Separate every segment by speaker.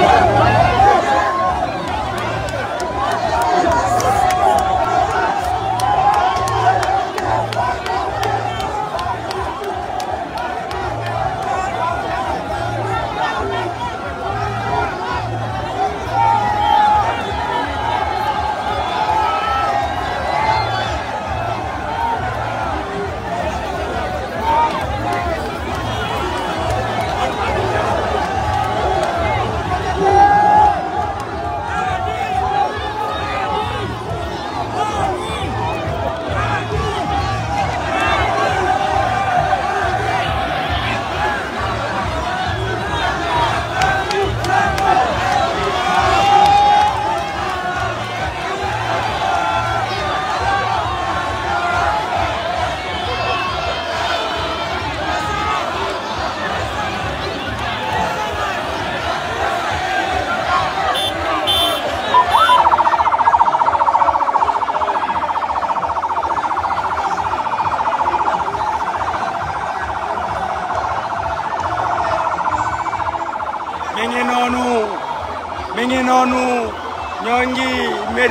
Speaker 1: Yeah.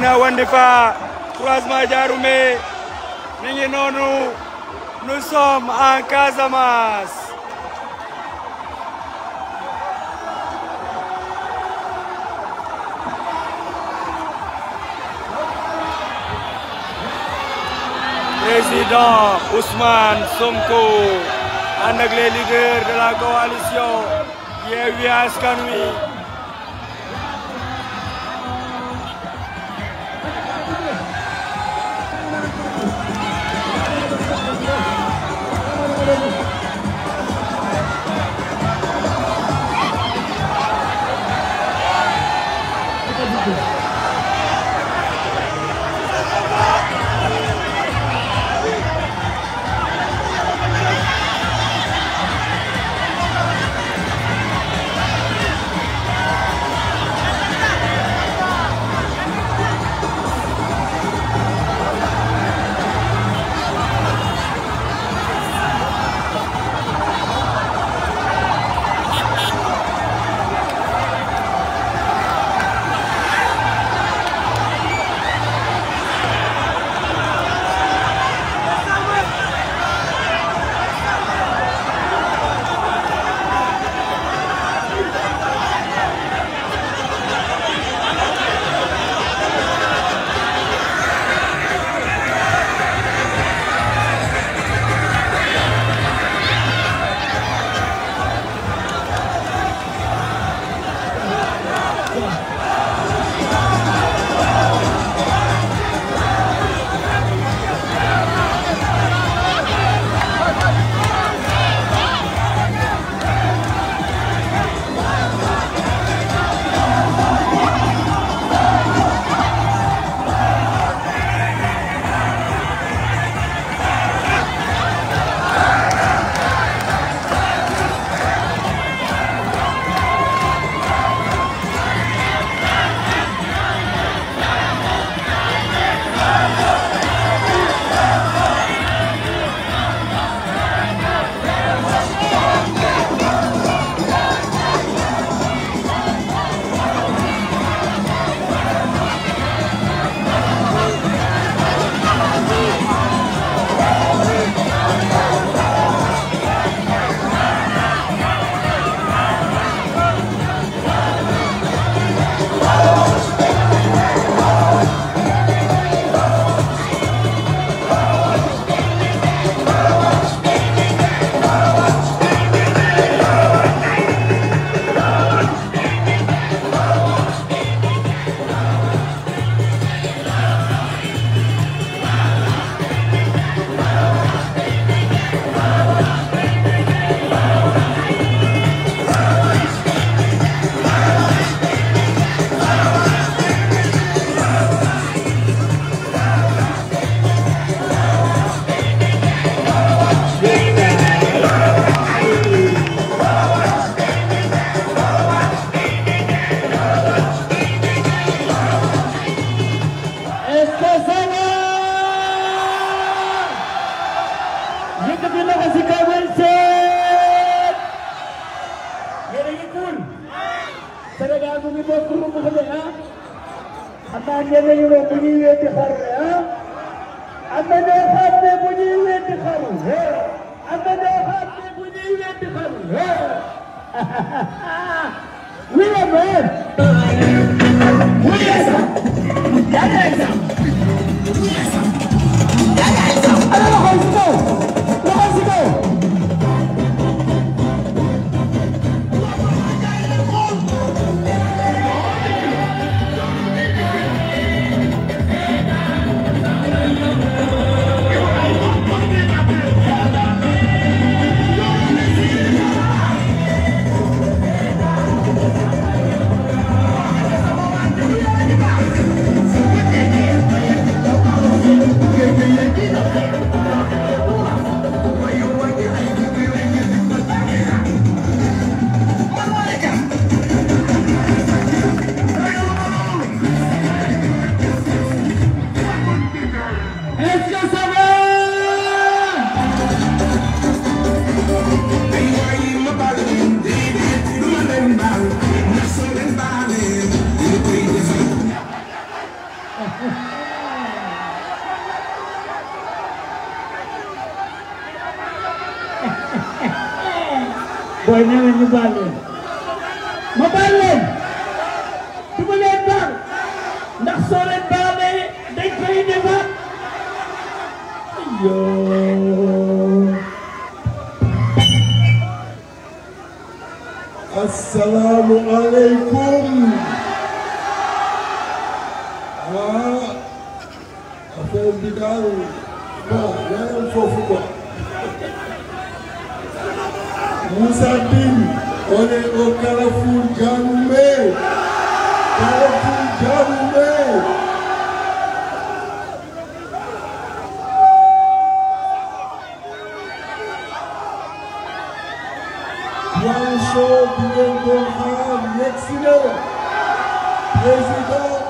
Speaker 2: na wandi fa croisement Diaroumé mi ngi noonu nous sommes
Speaker 1: en Casamance
Speaker 2: Président Ousmane Sonko ànd ak les leaders de la coalition Yewwi Askan Wi
Speaker 1: السلام عليكم وأفندقاء لا ينفوفوا موسى الدين أولي أوكالفو جانومي كالفو جانومي Bundesliga, God.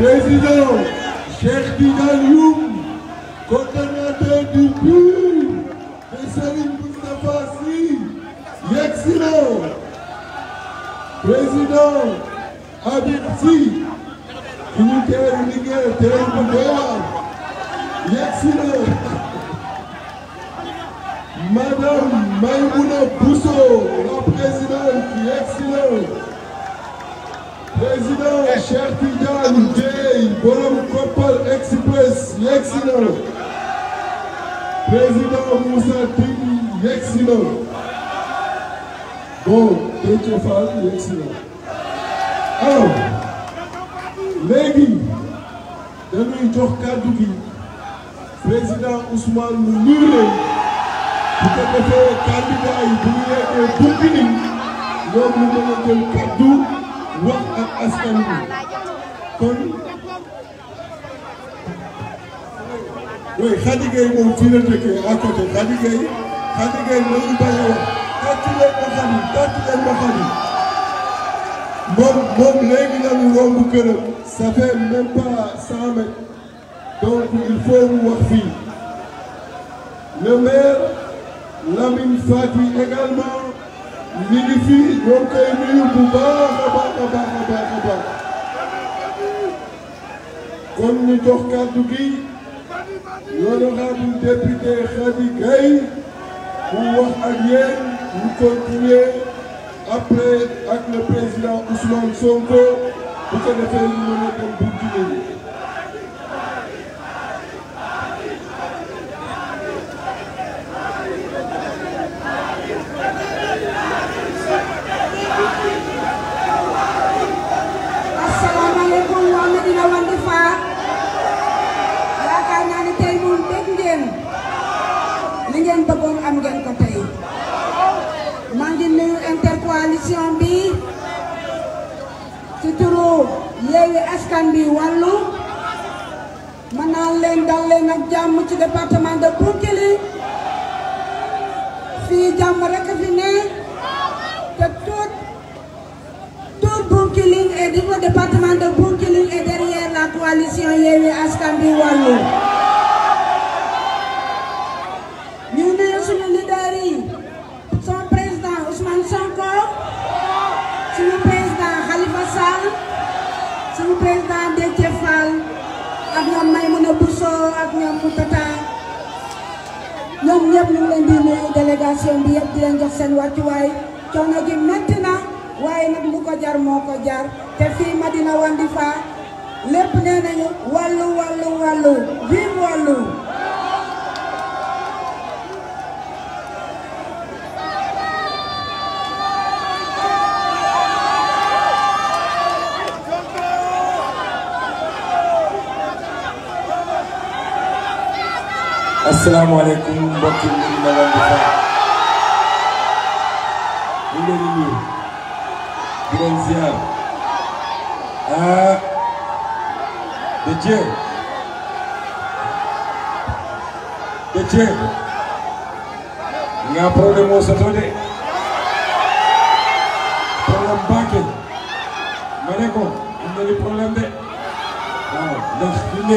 Speaker 1: Président Cheikh Youm, coordonnateur du PUR, et Salim Moustapha Si, Excellent. Président Abid Si, unité unique, terre Excellent. Madame Maïmouna Bousso, la présidente excellent. président Cheikh Tidiane Dièye borom Kopar Express yegsi na président Moussa Tine yegsi na bon Déthié Fall yegsi na alors léegi dañuy jox kàddu gi président Ousmane mu nuyu leen bu defee candidat yi bu ñu yeggee Bounkiling ñoom kàddu wax ak askan wi kon oui Khady Gueye moom fii la dëkkee à côté Khady Gueye Khady Gueye nañu bañ a wax tàccu leen ma Khady tàccu leen ma Khady moom moom léegi la ñu romb këram ça fait même pas cent mètres donc il faut mu wax fii le maire Lamine Fatou également Comme que nous ne pouvons pas nous l'honorable député Khadi Gaye Alien, nous continuer après avec le président Ousmane Sonko pour
Speaker 3: li ngeen bëggoon am ngeen ko tey maa ngi nuyu intercoalition bi ci turu Yewwi Askan Wi Wallu ma naan leen dal ak jàmm ci département de Bounkiling fii jàmm rek fi ne te tout tout Bounkiling et tout le département de Bounkiling est derrière la coalition Yewwi Askan Wi Wallu Lo ak ñoom Moutata ñoom ñëpp leen di nuyu délégation bi yëpp di leen jox seen wàccuwaay coono gi métti na waaye nag lu ko jar moo ko jar te fii Madina Wandifa lépp nee nañu wàllu wàllu wàllu vive wàllu
Speaker 2: asalaamaaleykum mbokk yi ñu ngi leen di fay ñu leen di nuyu ah Déthié Déthié nga problème moo soto de problème banque ko am na de waaw fi mu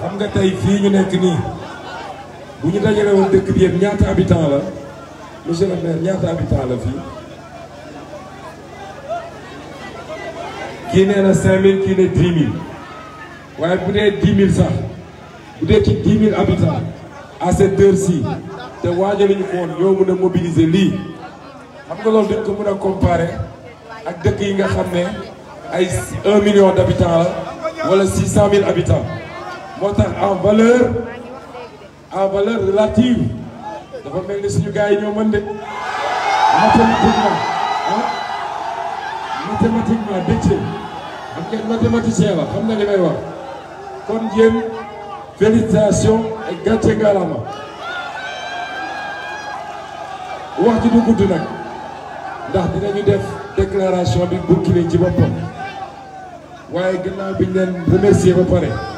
Speaker 2: xam nga tey fii ñu nekk nii bu ñu dajale woon dëkk bi yëpp ñaata habitant la monsieur le maire ñaata habitant la fii kii nee na 5000 kii ne 10000 waaye bu dee 10000 sax bu dee ci 10000 habitants à cette heure-ci te waajaluñu ko woon ñoo mën a mobiliser lii xam nga loolu dañ ko mën a comparer ak dëkk yi nga xam ne ay 1 million d' habitants la wala 600000 habitants. moo en valeur en valeur relative dafa mel suñu gaay ñoo mën de mathématiquement ah mathématiquement dëcc xam mathématicien la xam na li may wax kon yéen félicitations ak gàcce ngaalama wax ji du gudd nag ndax dinañu def déclaration bi bu ci boppam waaye gannaaw bi ñu leen remercier ba pare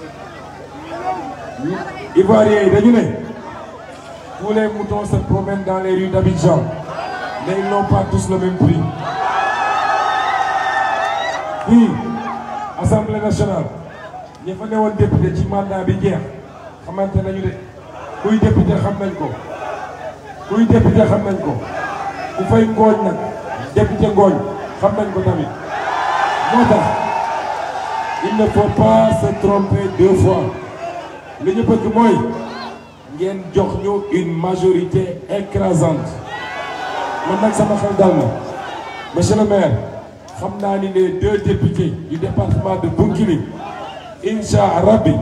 Speaker 2: Ivoiriens yi dañu tous les moutons se promènent dans les rues d'Abidjan mais ils n'ont pas tous le même prix Oui, assemblée nationale ñi fa newoon député ci mandat bi jeex xamante nañu de kuy député xam nañ ko kuy député xam ko ku fay ngooñ nag député ngooñ xam nañ ko tamit moo il ne faut pas se tromper deux fois le pour bëgg c'est ngeen jox une majorité écrasante man ça m'a monsieur le maire je sais ni les deux députés du département de Bunkiling, incha Arabi,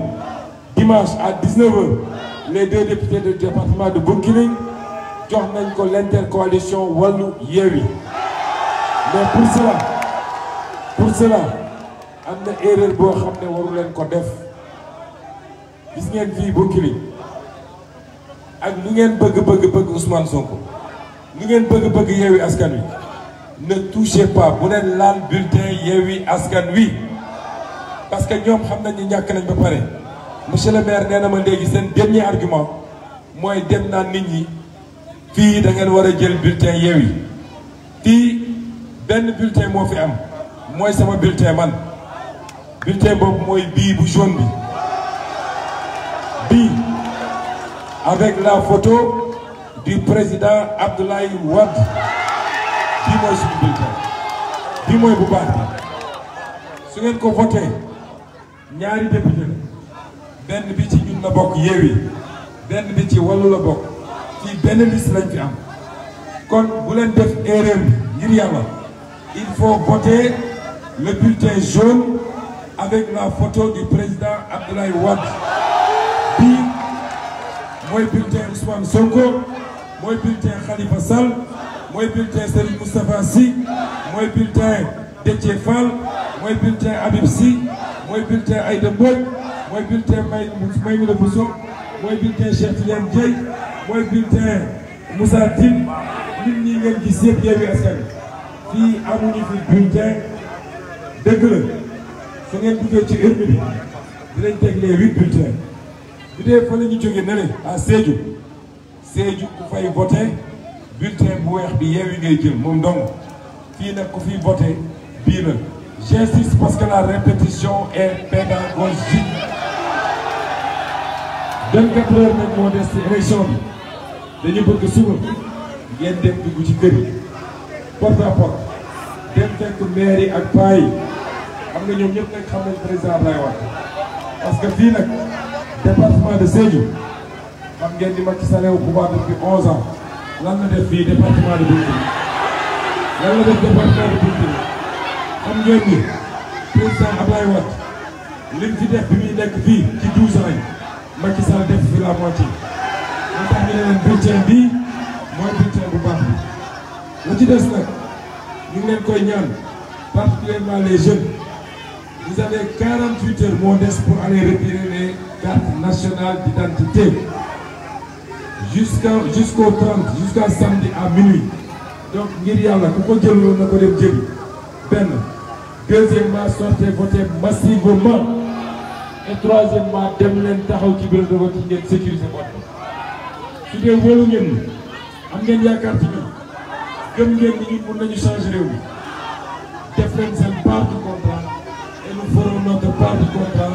Speaker 2: dimanche à 19h les deux députés du département de Bunkiling, jox nañ l'intercoalition Walu Yewi. mais pour cela pour cela un une erreur boo nous ne waru ko gis ngeen fii Bokiling ak lu ngeen bëgg bëgg bëgg Ousmane Sonko lu ngeen bëgg bëgg Yewwi Askan Wi ne touchez pas bu leen laal bulletin Yewwi Askan Wi parce que ñoom xam nañu ñàkk nañ ba pare monsieur le maire nee ma léegi seen dernier argument mooy dem naa nit ñi fii da ngeen war a jël bulletin Yewwi fii benn bulletin moo fi am mooy sama bulletin man bulletin boobu mooy bii bu jaune bi. avec la photo du président Abdoulaye Wade. Dis-moi vous que Dis-moi Si vous votez, ñaari député la benn bi ci ñun la bokk Yewwi benn bi ci Wallu la bokk Ben benn liste lañ fi am kon bu erreur il faut voter le bulletin jaune avec la photo du président Abdoulaye Wade moy bulletin Ousmane Sonko moy bulletin Khalifa Sall moy bulletin Serigne Moustapha Sy moy bulletin Fall bulletin Habib Sy bulletin Aïda Boy bulletin May Maymouna Bousso moy bulletin Cheikh bulletin Moussa Tim nit ñi ngeen Askan fi amuñu fi bulletin ngeen ci bulletins bu dee ni la ñu jógee ne le à Sédhiou Sédhiou ku fay voter bulletin bu weex bi yeewi ngay jël mom dong fi nak ku fi voter bi na j'insiste parce que la répétition est pédagogique 24 heures nag moo des ci élection bi dañu bëgg suba ngeen dem dugg ci kër yi porte à porte dem fekk maire yi ak paa yi xam nga ñoom ñëpp nag xam président Abdoulaye parce que fii nag département de Sédhiou xam ngeen ni Macky Sall ku baax depuis 11 ans lan la def fii département de Bounkiling lan la def département de Bounkiling xam ngeen ni président Ablaye Wade li mu fi def bi muy nekk fii ci 12 ans yi Macky Sall def fi la moitié. moo tax ñu leen bulletin bii mooy bulletin bu baax bi ci des nag ñu leen koy ñaan particulièrement les jeunes. vous avez 48 heures modestes pour aller retirer les cartes nationales d'identité jusqu'au 30, jusqu'à samedi à minuit. Donc, ngir vous pouvez ko jëloo ko dem deuxièmement sortez voter massivement et troisièmement dem leen taxaw ci bureau de vote yi ngeen sécuriser vote su vous wóolu ngeen am ngeen yaakaar ci ñun gëm changer réew def partout, forum notre part du combat.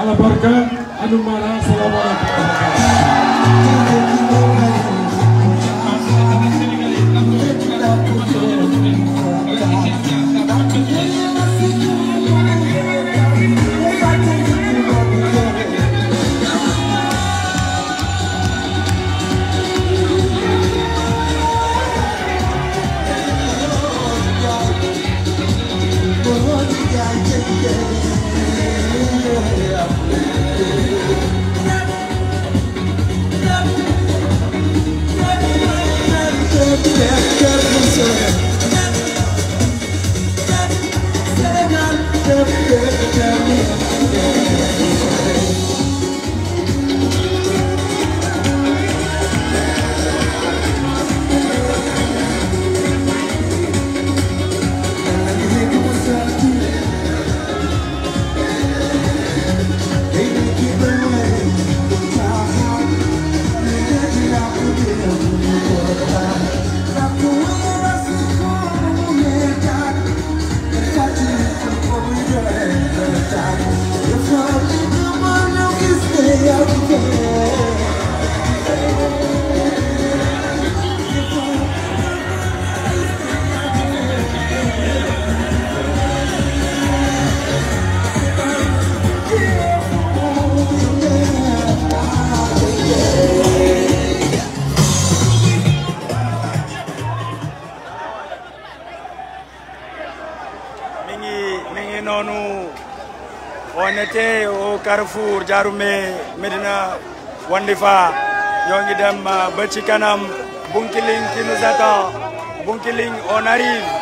Speaker 2: À la barca, à nous malins, salam alaikum. Carrefour Jarume Medina Wandifa ñongi dem uh, ba ci kanam Bunkiling ki nous attend Bunkiling on arrive